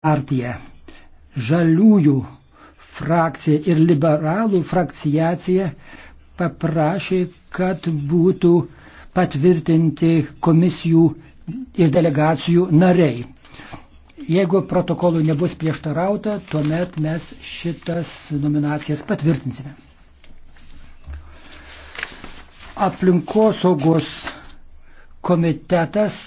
partija, žaliųjų frakcija ir liberalų frakcijacija paprašė, kad būtų patvirtinti komisijų ir delegacijų nariai. Jeigu protokolui nebus prieštarauta, tuomet mes šitas nominacijas patvirtinsime. Aplinkosaugos komitetas